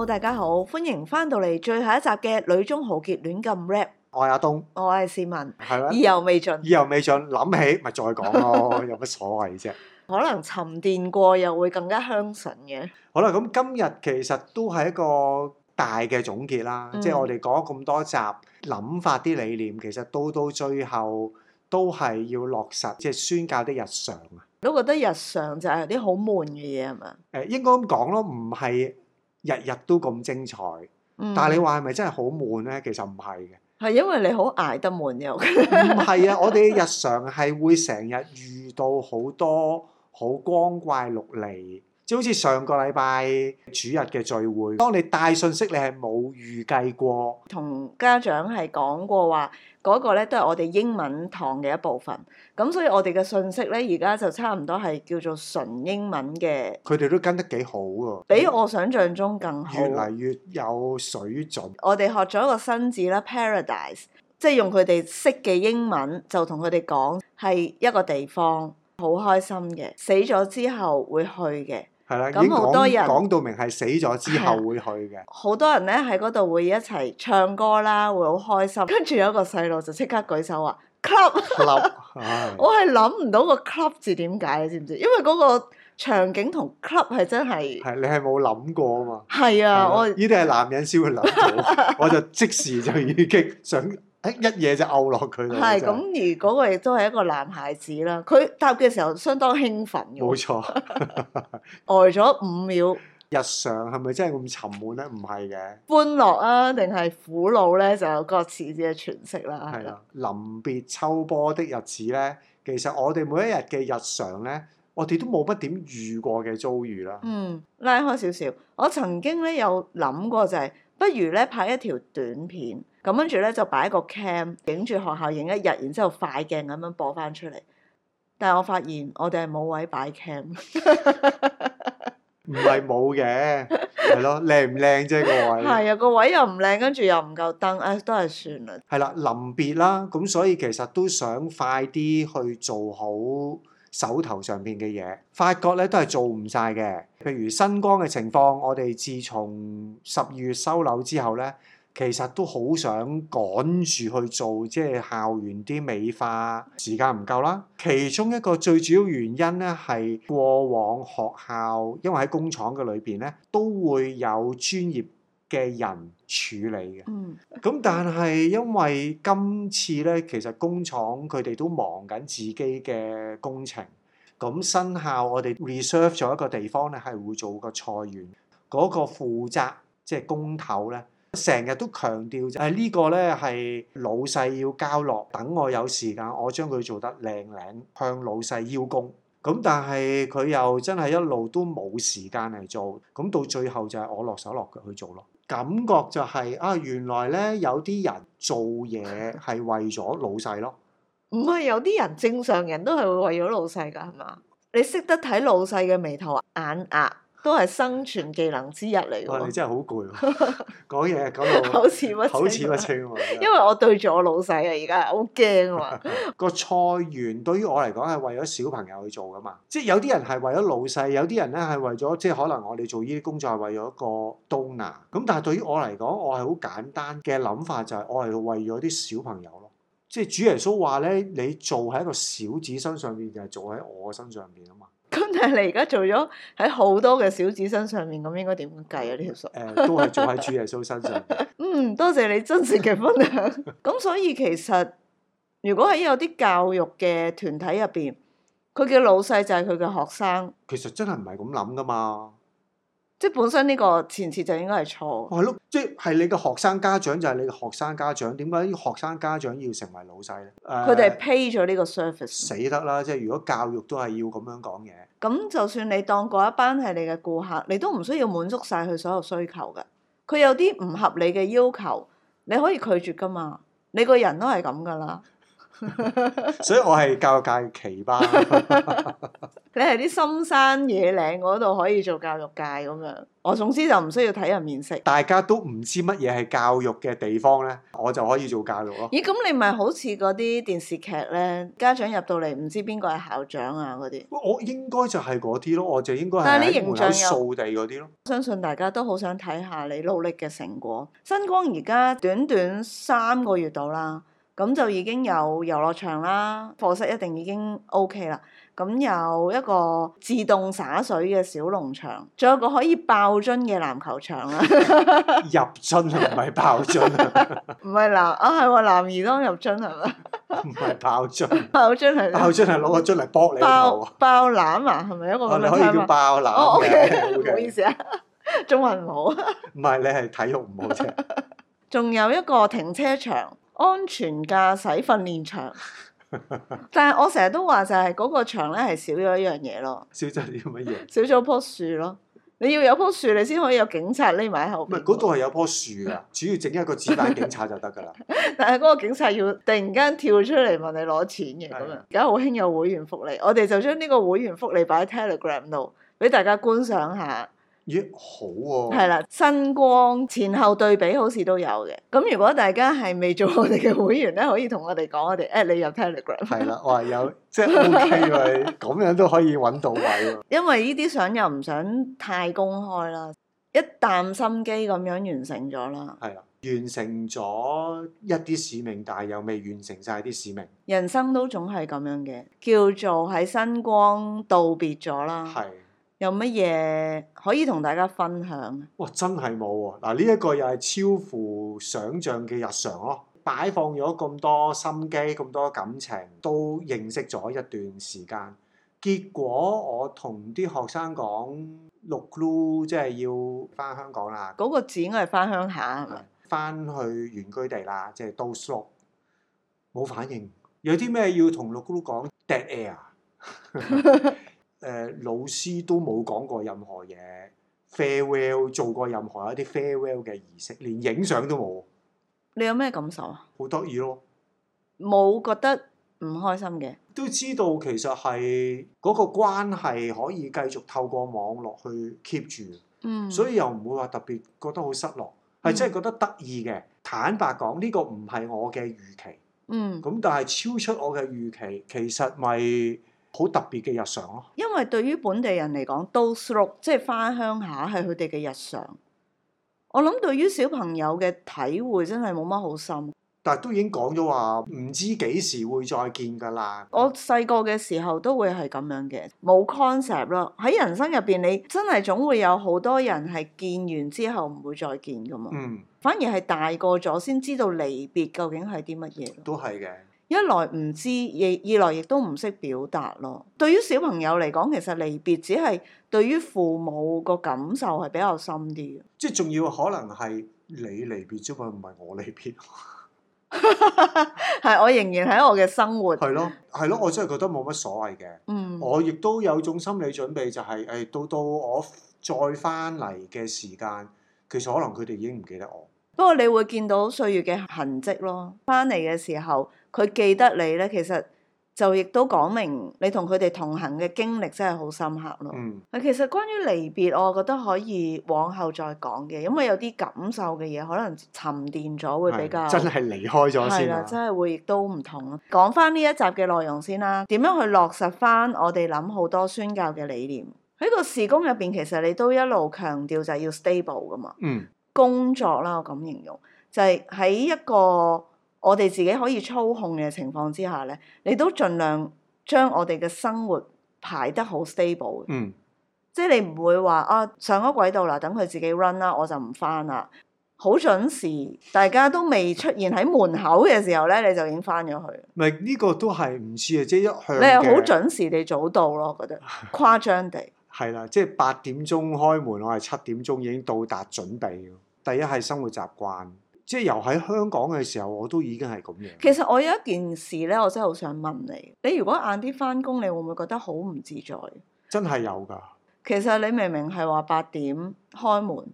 好，大家好，歡迎翻到嚟最後一集嘅《女中豪傑亂咁 rap》。我係阿東，我係市民，係啦，意猶未盡，意猶未盡，諗起咪再講咯，有乜所謂啫？可能沉澱過又會更加香醇嘅。好啦，咁今日其實都係一個大嘅總結啦，即係我哋講咗咁多集諗法啲理念，其實到到最後都係要落實，即係宣教啲日常啊。都覺得日常就係啲好悶嘅嘢係嘛？誒，應該咁講咯，唔係。日日都咁精彩，但係你話係咪真係好悶呢？其實唔係嘅，係因為你好捱得悶又，唔 係啊！我哋日常係會成日遇到好多好光怪陸離，即好似上個禮拜主日嘅聚會，當你帶信息你係冇預計過，同家長係講過話。嗰個咧都係我哋英文堂嘅一部分，咁所以我哋嘅訊息咧而家就差唔多係叫做純英文嘅。佢哋都跟得幾好啊，比我想像中更好。越嚟越有水準。我哋學咗一個新字啦，Paradise，即係用佢哋識嘅英文就同佢哋講係一個地方，好開心嘅，死咗之後會去嘅。係啦，已經好多人講到明係死咗之後會去嘅。好多人咧喺嗰度會一齊唱歌啦，會好開心。跟住有一個細路就即刻舉手話 Club club 的。club 我係諗唔到個 club 字點解你知唔知？因為嗰個場景同 club 係真係係你係冇諗過啊嘛。係啊的，的我呢啲係男人先會諗到， 我就即時就已經想。誒一嘢就嘔落佢。係咁，而嗰個亦都係一個男孩子啦。佢答嘅時候相當興奮嘅。冇沒錯， 呆咗五秒。日常係咪真係咁沉悶咧？唔係嘅。歡樂啊，定係苦惱咧？就有各自嘅詮釋啦。係啦。臨別秋波的日子咧，其實我哋每一日嘅日常咧，我哋都冇乜點遇過嘅遭遇啦。嗯，拉開少少，我曾經咧有諗過就係、是。不如咧拍一條短片，咁跟住咧就擺一個 cam 影住學校影一日，然之後快鏡咁樣播翻出嚟。但係我發現我哋係冇位擺 cam，唔係冇嘅，係咯，靚唔靚啫個位。係啊，個位又唔靚，跟住又唔夠燈，唉、哎，都係算啦。係啦，臨別啦，咁所以其實都想快啲去做好。手頭上邊嘅嘢，發覺咧都係做唔晒嘅。譬如新光嘅情況，我哋自從十二月收樓之後咧，其實都好想趕住去做，即係校園啲美化，時間唔夠啦。其中一個最主要原因咧，係過往學校，因為喺工廠嘅裏邊咧，都會有專業嘅人處理嘅，咁但係因為今次呢，其實工廠佢哋都忙緊自己嘅工程，咁新校我哋 reserve 咗一個地方呢，係會做個菜園。嗰個負責即係工頭呢，成日都強調就係呢個呢係老細要交落，等我有時間，我將佢做得靚靚，向老細邀功。咁但係佢又真係一路都冇時間嚟做，咁到最後就係我落手落腳去做咯。感覺就係、是、啊，原來咧有啲人做嘢係為咗老細咯，唔係 有啲人正常人都係為咗老細㗎，係嘛？你識得睇老細嘅眉頭、眼額。都係生存技能之一嚟嘅喎，你真係好攰喎！講嘢 講到 口齒不清喎、啊， 因為我對住我老細啊，而家好驚喎、啊。個 菜園對於我嚟講係為咗小朋友去做噶嘛，即係有啲人係為咗老細，有啲人咧係為咗即係可能我哋做呢啲工作係為咗個 donor 咁，但係對於我嚟講，我係好簡單嘅諗法就係我係為咗啲小朋友咯。即係主耶穌話咧，你做喺一個小子身上邊，就係、是、做喺我身上邊啊嘛。咁就係你而家做咗喺好多嘅小子身上面，咁應該點樣計啊呢條數？誒、呃，都係做喺主耶穌身上。 嗯，多謝你真實嘅分享。咁 所以其實，如果喺有啲教育嘅團體入邊，佢嘅老細就係佢嘅學生。其實真係唔係咁諗噶嘛。即係本身呢個前設就應該係錯。係咯、哦，即、就、係、係、你嘅學生家長就係你嘅學生家長，點解啲學生家長要成為老細咧？佢、呃、哋 pay 咗呢個 service。死得啦！即係如果教育都係要咁樣講嘢。咁就算你當嗰一班係你嘅顧客，你都唔需要滿足晒佢所有需求嘅。佢有啲唔合理嘅要求，你可以拒絕㗎嘛。你個人都係咁㗎啦。 所以我係教育界奇葩， 你喺啲深山野嶺嗰度可以做教育界咁樣，我總之就唔需要睇人面色。大家都唔知乜嘢係教育嘅地方呢，我就可以做教育咯。咦？咁、嗯、你咪好似嗰啲電視劇呢？家長入到嚟唔知邊個係校長啊嗰啲。我應該就係嗰啲咯，我就應該係。但你形象又掃地嗰啲咯。相信大家都好想睇下你努力嘅成果。新光而家短短三個月到啦。咁就已經有遊樂場啦，課室一定已經 OK 啦。咁有一個自動灑水嘅小農場，仲有個可以爆樽嘅籃球場啦。 入樽 啊，唔係爆樽啊。唔係男啊，係喎男兒當入樽係嘛？唔係 爆樽。爆樽係。爆樽係攞個樽嚟搏你。爆爆籃啊，係咪一個、哦、你可以叫爆籃哦，OK，唔 好意思啊，中文唔好。唔 係你係體育唔好啫。仲 有一個停車場。安全駕駛訓練場， 但係我成日都話就係嗰個場咧係少咗一樣嘢咯。少咗啲乜嘢？少咗棵樹咯。你要有棵樹，你先可以有警察匿埋喺後邊。唔係，嗰度係有棵樹㗎，的主要整一個紙板警察就得㗎啦。 但係嗰個警察要突然間跳出嚟問你攞錢嘅咁樣。而家好興有會員福利，我哋就將呢個會員福利擺喺 Telegram 度，俾大家觀賞下。咦，好喎，啊！係啦，新光前後對比好似都有嘅。咁如果大家係未做我哋嘅會員咧，可以同我哋講， 我哋 at 你入 Telegram。係啦，哇，有即係 O K 喎，咁樣都可以揾到位喎。因為呢啲相又唔想太公開啦，一啖心機咁樣完成咗啦。係啊，完成咗一啲使命，但係又未完成晒啲使命。人生都總係咁樣嘅，叫做喺新光道別咗啦。係。有乜嘢可以同大家分享咧？哇！真係冇喎，嗱，呢一個又係超乎想象嘅日常咯。擺放咗咁多心機、咁多感情，都認識咗一段時間。結果我同啲學生講六姑，即係要翻香港啦。嗰個字應該係翻鄉下係咪？翻去原居地啦，即係 do shlok。冇反應，有啲咩要同六姑講？dead air。誒、呃、老師都冇講過任何嘢，farewell、mm. 做過任何一啲 farewell 嘅儀式，連影相都冇。你有咩感受啊？好得意咯，冇覺得唔開心嘅。都知道其實係嗰個關係可以繼續透過網絡去 keep 住，嗯，mm. 所以又唔會話特別覺得好失落，係、mm. 真係覺得得意嘅。坦白講，呢個唔係我嘅預期，嗯，咁但係超出我嘅預期，其實咪。好特別嘅日常咯，啊，因為對於本地人嚟講，dothook 即係返鄉下係佢哋嘅日常。我諗對於小朋友嘅體會真係冇乜好深。但係都已經講咗話，唔知幾時會再見㗎啦。嗯、我細個嘅時候都會係咁樣嘅，冇 concept 咯。喺人生入邊，你真係總會有好多人係見完之後唔會再見㗎嘛。嗯。反而係大個咗先知道離別究竟係啲乜嘢。都係嘅。一來唔知，二二來亦都唔識表達咯。對於小朋友嚟講，其實離別只係對於父母個感受係比較深啲嘅。即係仲要可能係你離別，只不過唔係我離別。係 我仍然喺我嘅生活。係咯，係咯，我真係覺得冇乜所謂嘅。嗯，我亦都有種心理準備，就係，就係誒到到我再翻嚟嘅時間，其實可能佢哋已經唔記得我。不過你會見到歲月嘅痕跡咯。翻嚟嘅時候，佢記得你呢，其實就亦都講明你同佢哋同行嘅經歷真係好深刻咯。嗯，其實關於離別，我，我覺得可以往後再講嘅，因為有啲感受嘅嘢可能沉澱咗，會比較真係離開咗先啦。真係會亦都唔同咯。講翻呢一集嘅內容先啦，點樣去落實翻我哋諗好多宣教嘅理念？喺個事工入邊，其實你都一路強調就係要 stable 噶嘛。嗯。工作啦，我咁形容，就係喺一個我哋自己可以操控嘅情況之下咧，你都盡量將我哋嘅生活排得好 stable。嗯，即係你唔會話啊上咗軌道啦，等佢自己 run 啦，我就唔翻啦。好準時，大家都未出現喺門口嘅時候咧，你就已經翻咗去。唔係呢個都係唔似嘅，即係一向。你係好準時地早到咯，我覺得誇張地。係啦，即係八點鐘開門，我係七點鐘已經到達準備。第一係生活習慣，即係由喺香港嘅時候我都已經係咁樣。其實我有一件事呢，我真係好想問你。你如果晏啲翻工，你會唔會覺得好唔自在？真係有㗎。其實你明明係話八點開門，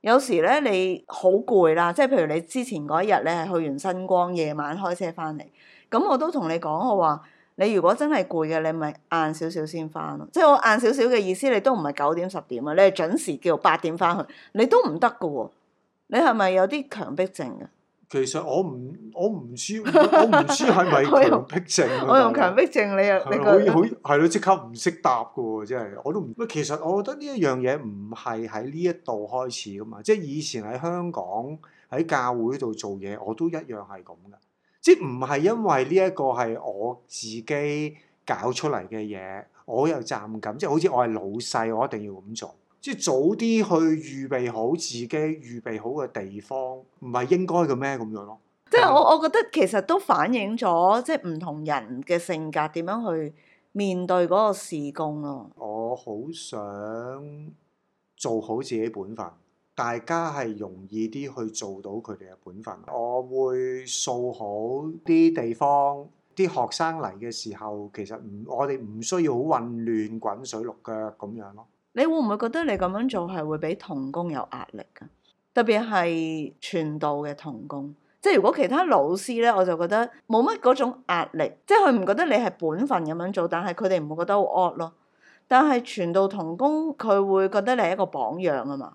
有時呢你好攰啦。即係譬如你之前嗰一日，你係去完新光夜晚開車翻嚟，咁我都同你講，我話。你如果真係攰嘅，你咪晏少少先翻咯。即係我晏少少嘅意思，你都唔係九點十點啊。你係準時叫八點翻去，你都唔得㗎喎。你係咪有啲強迫症啊？其實我唔，我唔知，我唔知係咪強迫症。我用強迫症，你又？係咯的，即刻唔識答㗎喎，真係我都唔。其實我覺得呢一樣嘢唔係喺呢一度開始㗎嘛。即係以前喺香港喺教會度做嘢，我都一樣係咁㗎。即係唔係因為呢一個係我自己搞出嚟嘅嘢，我有責任感。即係好似我係老細，我一定要咁做，即係早啲去預備好自己預備好嘅地方，唔係應該嘅咩咁樣咯？即係我我覺得其實都反映咗，即係唔同人嘅性格點樣去面對嗰個事工咯。我好想做好自己本分。大家係容易啲去做到佢哋嘅本分，我會掃好啲地方，啲學生嚟嘅時候，其實唔我哋唔需要好混亂，滾水淥腳咁樣咯。你會唔會覺得你咁樣做係會俾同工有壓力嘅？特別係傳道嘅同工，即係如果其他老師咧，我就覺得冇乜嗰種壓力，即係佢唔覺得你係本分咁樣做，但係佢哋唔會覺得好惡咯。但係傳道同工佢會覺得你係一個榜樣啊嘛。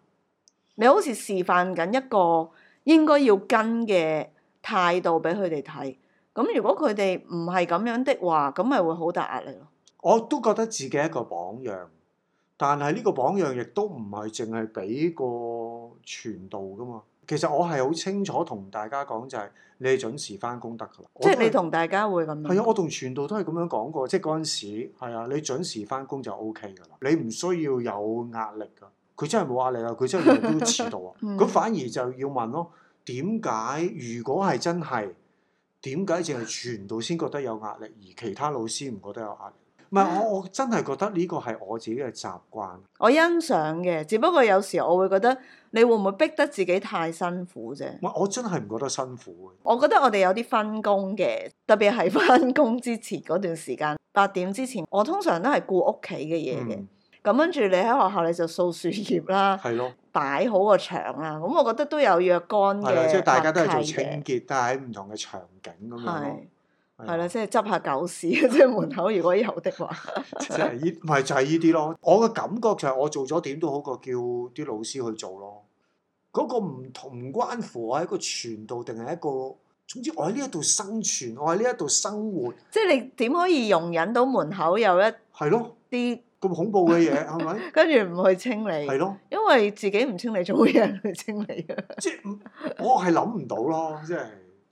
你好似示範緊一個應該要跟嘅態度俾佢哋睇，咁如果佢哋唔係咁樣的話，咁咪會好大壓力咯。我都覺得自己一個榜樣，但係呢個榜樣亦都唔係淨係俾個傳道噶嘛。其實我係好清楚同大家講就係，你係準時返工得噶啦。即係你同大家會咁。係啊，我同傳道都係咁樣講過，即係嗰陣時係啊，你準時返工就 O K 噶啦，你唔需要有壓力噶。佢真係冇壓力啊！佢真係都遲到啊！咁、 嗯、反而就要問咯，點解如果係真係點解，淨係全度先覺得有壓力，而其他老師唔覺得有壓力？唔係是的 我我真係覺得呢個係我自己嘅習慣。我欣賞嘅，只不過有時我會覺得你會唔會逼得自己太辛苦啫？唔、嗯、我真係唔覺得辛苦。我覺得我哋有啲分工嘅，特別係返工之前嗰段時間，八點之前，我通常都係顧屋企嘅嘢嘅。嗯咁跟住你喺學校你就掃樹葉啦，擺的好個場啊！咁、嗯、我覺得都有若干嘅，即係大家都係做清潔、這個，但係喺唔同嘅場景咁樣咯。係啦，即係執下狗屎， 即係門口如果有的話。即係呢，唔係就係呢啲咯。我嘅感覺就係我做咗點都好過叫啲老師去做咯。嗰、那個唔同唔關乎我喺個傳道定係一個，總之我喺呢一度生存，我喺呢一度生活。即係的你點可以容忍到門口有一係咯啲？咁恐怖嘅嘢係咪？是是 跟住唔去清理，係咯的，因為自己唔清理，做乜人嚟清理啊？即係我係諗唔到咯，即係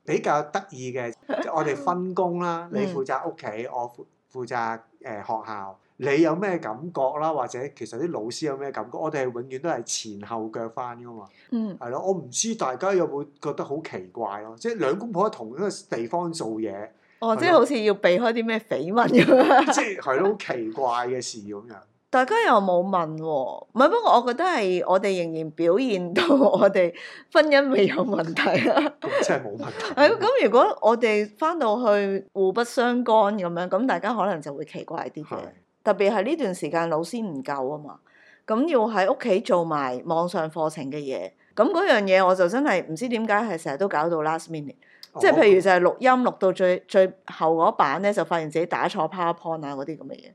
比較得意嘅，即係我哋分工啦， 你負責屋企，嗯、我負負責誒學校。你有咩感覺啦？或者其實啲老師有咩感覺？我哋係永遠都係前後腳翻噶嘛。嗯，係咯，我唔知大家有冇覺得好奇怪咯？即係兩公婆喺同一個地方做嘢。哦，oh, 的即係好似要避開啲咩緋聞咁，即係係都奇怪嘅事咁樣。大家又冇問喎、哦，唔係，不過我覺得係我哋仍然表現到我哋婚姻未有問題啊！即係冇問題。誒， 咁如果我哋翻到去互不相干咁樣，咁大家可能就會奇怪啲嘅。的特別係呢段時間老師唔夠啊嘛，咁要喺屋企做埋網上課程嘅嘢，咁嗰樣嘢我就真係唔知點解係成日都搞到 last minute。即係譬如就係錄音錄到最、哦、最後嗰版咧，就發現自己打錯 PowerPoint 啊嗰啲咁嘅嘢。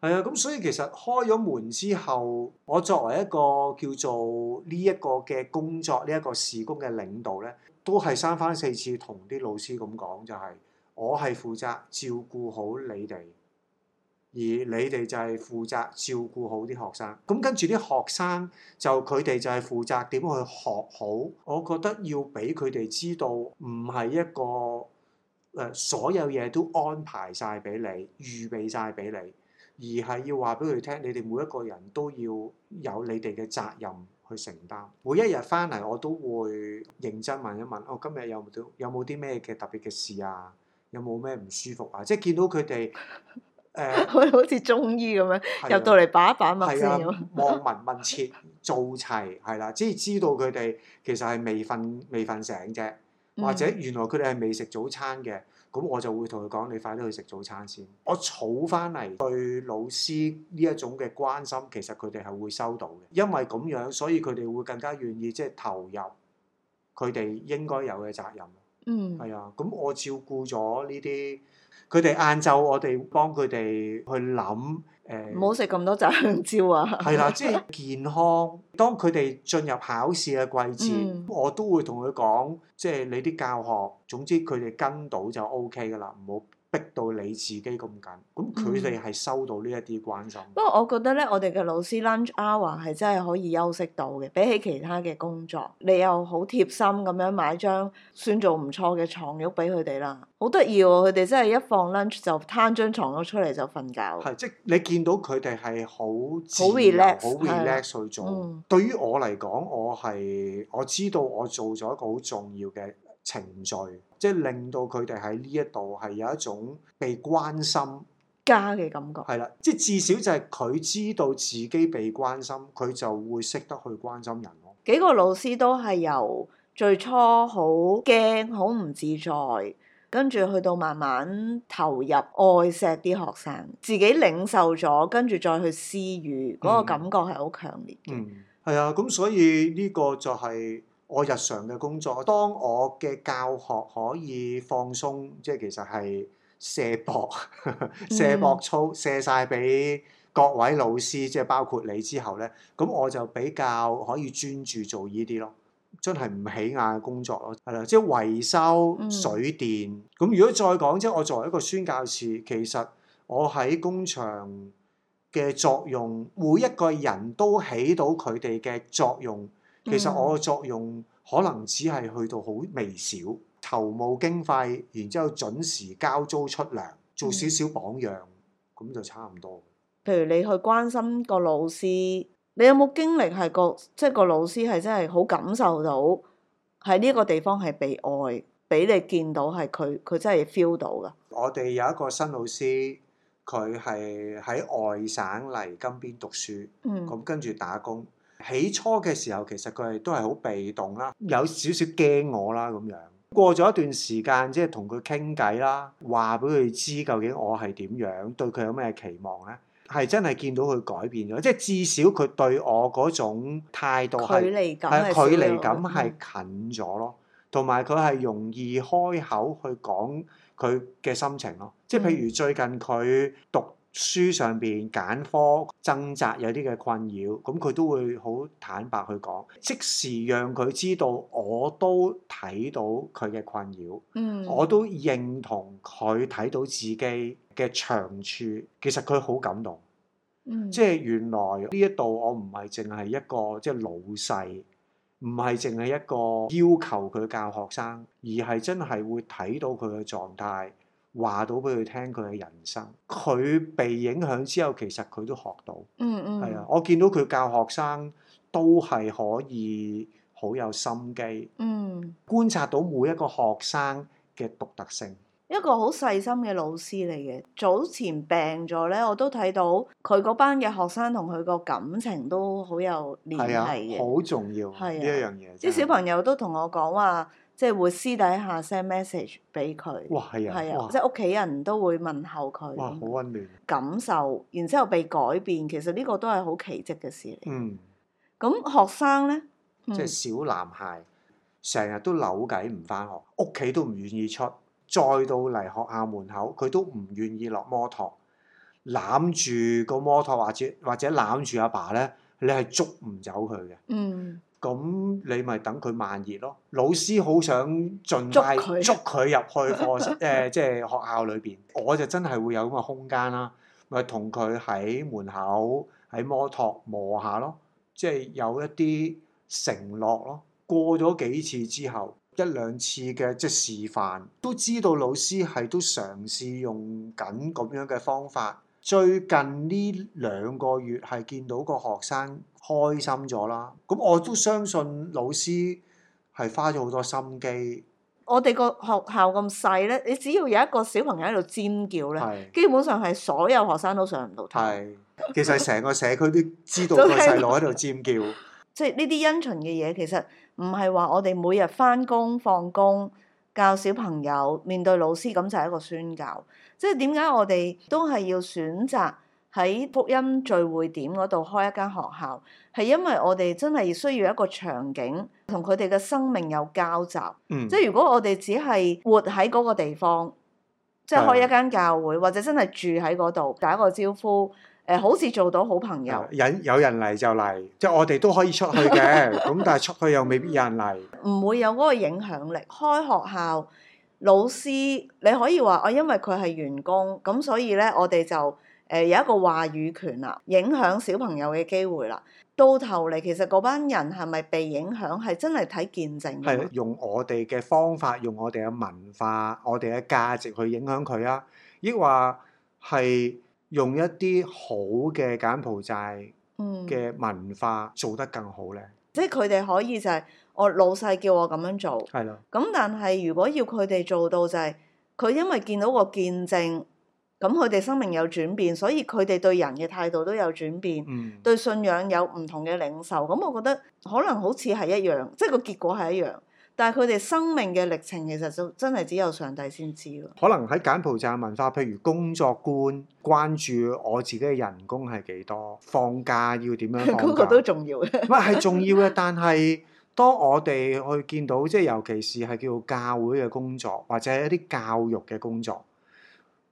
係啊，咁所以其實開咗門之後，我作為一個叫做呢一個嘅工作呢一、個事工嘅領導咧，都係三番四次同啲老師咁講，就係、係、我係負責照顧好你哋。而你哋就係負責照顧好啲學生，咁跟住啲學生就佢哋就係負責點去學好。我覺得要俾佢哋知道，唔係一個、呃、所有嘢都安排晒俾你，預備晒俾你，而係要話俾佢聽，你哋每一個人都要有你哋嘅責任去承擔。每一日翻嚟，我都會認真問一問，我、哦、今日有冇啲有冇啲咩嘅特別嘅事啊？有冇咩唔舒服啊？即係見到佢哋。誒，uh, 好似中醫咁樣的入到嚟把一把脈先咁， 望聞問切做齊，係啦，即係知道佢哋其實係未瞓未瞓醒啫，或者原來佢哋係未食早餐嘅，咁我就會同佢講：你快啲去食早餐先。我儲翻嚟對老師呢一種嘅關心，其實佢哋係會收到嘅，因為咁樣，所以佢哋會更加願意即係、就是、投入佢哋應該有嘅責任。嗯，係啊，咁我照顧咗呢啲，佢哋晏晝我哋幫佢哋去諗，誒，唔好食咁多炸香蕉啊，係啦，即係健康。當佢哋進入考試嘅季節，嗯、我都會同佢講，即係你啲教學，總之佢哋跟到就 OK 噶啦，唔好。逼到你自己咁緊，咁佢哋係收到呢一啲關心、嗯。不過我覺得咧，我哋嘅老師 lunch hour 係真係可以休息到嘅，比起其他嘅工作，你又好貼心咁樣買張算做唔錯嘅床褥俾佢哋啦，好得意喎！佢哋真係一放 lunch 就攤張床褥出嚟就瞓覺。係，即係你見到佢哋係好自然、好 relax 去做。嗯、對於我嚟講，我係我知道我做咗一個好重要嘅。程序，即係令到佢哋喺呢一度係有一種被關心家嘅感覺，係啦，即係至少就係佢知道自己被關心，佢就會識得去關心人咯。幾個老師都係由最初好驚好唔自在，跟住去到慢慢投入愛錫啲學生，自己領受咗，跟住再去施予嗰、那個感覺，係好強烈嘅，嗯，係、嗯、啊，咁所以呢個就係、是。我日常嘅工作，當我嘅教學可以放鬆，即係其實係卸膊、卸膊操卸晒俾各位老師，即係包括你之後咧，咁我就比較可以專注做呢啲咯，真係唔起眼嘅工作咯，係啦，即係維修水電。咁、嗯、如果再講即係我作為一個宣教士，其實我喺工場嘅作用，每一個人都起到佢哋嘅作用。其實我嘅作用可能只係去到好微小，籌募經費，然之後準時交租出糧，做少少榜樣，咁就差唔多。譬如你去關心個老師，你有冇經歷係個即係個老師係真係好感受到喺呢個地方係被愛，俾你見到係佢佢真係 feel 到㗎。我哋有一個新老師，佢係喺外省嚟金邊讀書，咁跟住打工。起初嘅時候，其實佢係都係好被動啦，有少少驚我啦咁樣。過咗一段時間，即係同佢傾偈啦，話俾佢知究竟我係點樣，對佢有咩期望咧？係真係見到佢改變咗，即係至少佢對我嗰種態度係係距離感係近咗咯，同埋佢係容易開口去講佢嘅心情咯。即係譬如最近佢讀書上邊揀科掙扎有啲嘅困擾，咁佢都會好坦白去講，即時讓佢知道我都睇到佢嘅困擾，嗯，我都認同佢睇到自己嘅長處，其實佢好感動，即係、嗯、原來呢一度我唔係淨係一個即係、就是、老細，唔係淨係一個要求佢教學生，而係真係會睇到佢嘅狀態。話到俾佢聽，佢嘅人生佢被影響之後，其實佢都學到，嗯嗯、mm，係、hmm. 啊，我見到佢教學生都係可以好有心機，嗯、mm，hmm. 觀察到每一個學生嘅獨特性，一個好細心嘅老師嚟嘅。早前病咗咧，我都睇到佢嗰班嘅學生同佢個感情都好有聯繫，好重要呢一樣嘢。啲小朋友都同我講話。即係會私底下 send message 俾佢，係啊，係啊，哇，即係屋企人都會問候佢，哇，好溫暖，感受，然之後被改變，其實呢個都係好奇蹟嘅事嚟。嗯，咁學生咧，即係小男孩，成日都扭計唔返學，屋企都唔願意出，再到嚟學校門口，佢都唔願意落摩托，攬住個摩托或者或者攬住阿爸咧，你係捉唔走佢嘅。嗯。咁你咪等佢慢熱咯。老師好想盡快捉佢他入去課室，誒，即係學校裏邊。 我就真係會有咁嘅空間啦，咪同佢喺門口喺摩托磨下咯，即係有一啲承諾咯。過咗幾次之後，一兩次嘅即係示範，都知道老師係都嘗試用緊咁樣嘅方法。最近呢兩個月係見到個學生開心咗啦，咁我都相信老師係花咗好多心機。我哋個學校咁細呢，你只要有一個小朋友喺度尖叫呢，是基本上係所有學生都上唔到堂。其實成個社區都知道個細路喺度尖叫。即係呢啲因循嘅嘢，其實唔係話我哋每日翻工放工。教小朋友面對老師咁就係一個宣教，即係點解我哋都係要選擇喺福音聚會點嗰度開一間學校，係因為我哋真係需要一個場景，同佢哋嘅生命有交集。嗯、即係如果我哋只係活喺嗰個地方，即係開一間教會，的或者真係住喺嗰度打一個招呼。誒好似做到好朋友，人有人嚟就嚟，即係我哋都可以出去嘅，咁但係出去又未必有人嚟，唔會有嗰個影響力。開學校，老師你可以話啊，因為佢係員工，咁所以呢我哋就誒有一個話語權啦，影響小朋友嘅機會啦。到頭嚟其實嗰班人係咪被影響，係真係睇見證。係用我哋嘅方法，用我哋嘅文化、我哋嘅價值去影響佢啊，亦話係。用一啲好嘅柬埔寨嘅文化、嗯、做得更好咧，即係佢哋可以就係、是、我老細叫我咁樣做，係咯的，咁但係如果要佢哋做到就係、是、佢因為見到個見證，咁佢哋生命有轉變，所以佢哋對人嘅態度都有轉變，嗯、對信仰有唔同嘅領受，咁我覺得可能好似係一樣，即係個結果係一樣。但係佢哋生命嘅歷程，其實就真係只有上帝先知咯。可能喺柬埔寨文化，譬如工作觀，關注我自己嘅人工係幾多，放假要點樣放假 個都重要嘅。唔係 係重要嘅，但係當我哋去見到，即係尤其是係叫教會嘅工作，或者一啲教育嘅工作，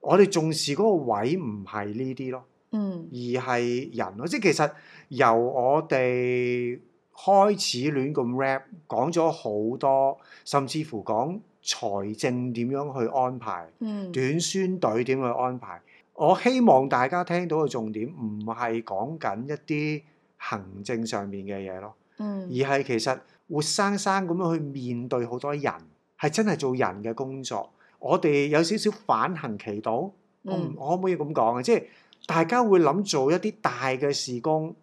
我哋重視嗰個位唔係呢啲咯，嗯，而係人咯，即係其實由我哋。開始亂咁 rap，講咗好多，甚至乎講財政點樣去安排，嗯、短宣隊點去安排。我希望大家聽到嘅重點，唔係講緊一啲行政上面嘅嘢咯，嗯，而係其實活生生咁樣去面對好多人，係真係做人嘅工作。我哋有少少反行其道，我可唔可以咁講啊？即係大家會諗做一啲大嘅事工。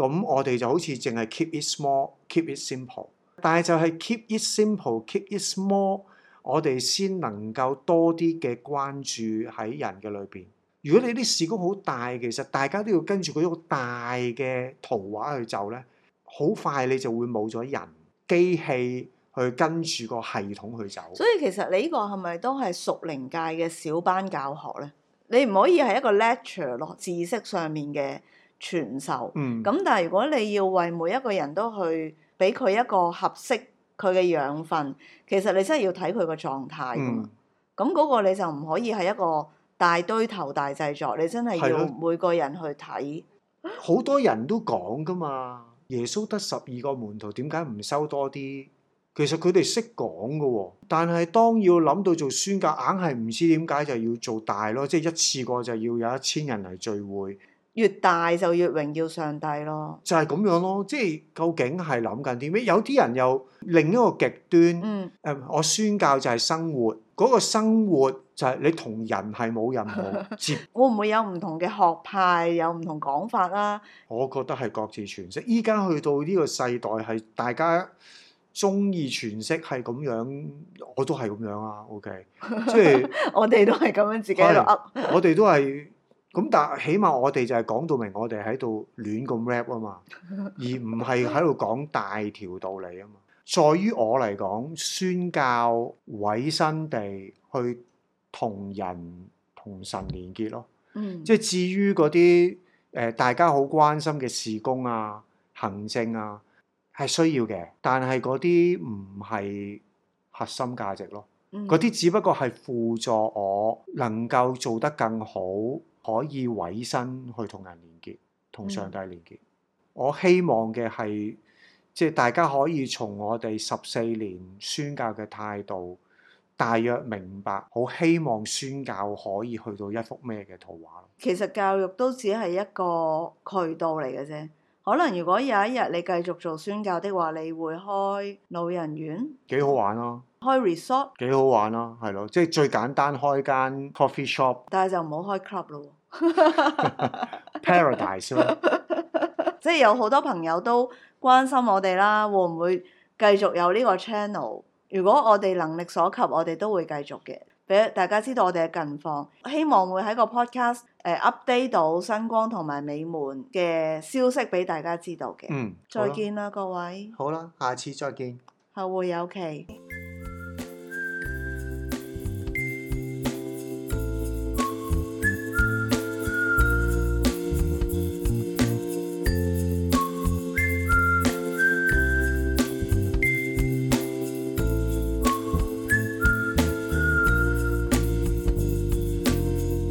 咁我哋就好似淨係 keep it small, keep it simple。但係就係 keep it simple, keep it small，我哋先能夠多啲嘅關注喺人嘅裏邊。如果你啲事工好大，其實大家都要跟住嗰個大嘅圖畫去走咧，好快你就會冇咗人，機器去跟住個系統去走。所以其實你呢個係咪都係屬靈界嘅小班教學咧？你唔可以係一個 lecture 咯，知識上面嘅。傳授，咁、嗯、但係如果你要為每一個人都去俾佢一個合適佢嘅養分，其實你真係要睇佢個狀態噶嘛。咁嗰、嗯、個你就唔可以係一個大堆頭大製作，你真係要每個人去睇。好多人都講噶嘛，耶穌得十二個門徒，點解唔收多啲？其實佢哋識講噶，但係當要諗到做宣教硬係唔知點解就要做大咯，即係一次過就要有一千人嚟聚會。越大就越榮耀上帝咯，就係咁樣咯，即係究竟係諗緊啲咩？有啲人又另一個極端，mm hmm. 嗯，誒，我宣教就係生活，嗰個生活就係你同人係冇任何接。 會唔會有唔同嘅學派，有唔同講法啦？我覺得係各自詮釋。依家去到呢個世代，係大家中意詮釋係咁樣，我都係咁樣啊。OK，即係 我哋都係咁樣，自己喺度噏，我哋都係。咁但係，起碼我哋就係講到明，我哋喺度亂咁 rap 啊嘛， 而唔係喺度講大條道理啊嘛。在於我嚟講，宣教委身地去同人同神連結咯。嗯，即係至於嗰啲誒大家好關心嘅事工啊、行政啊，係需要嘅，但係嗰啲唔係核心價值咯。嗰啲、嗯、只不過係輔助我能夠做得更好。可以委身去同人連結，同上帝連結。嗯，我希望嘅係，即係大家可以從我哋十四年宣教嘅態度，大約明白，好希望宣教可以去到一幅咩嘅圖畫。其實教育都只係一個渠道嚟嘅啫。可能如果有一日你繼續做宣教的話，你會開老人院，幾好玩咯，啊～開 resort 幾好玩咯，係咯，即係最簡單開間 coffee shop，但係就唔好開 club 咯。Paradise 即係有好多朋友都關心我哋啦，會唔會繼續有呢個 channel？如果我哋能力所及，我哋都會繼續嘅，俾大家知道我哋嘅近況。我希望會喺個 podcast 誒 update 到新光同埋美門嘅消息俾大家知道嘅。嗯，再見啦，各位。好啦，下次再見，後會有期。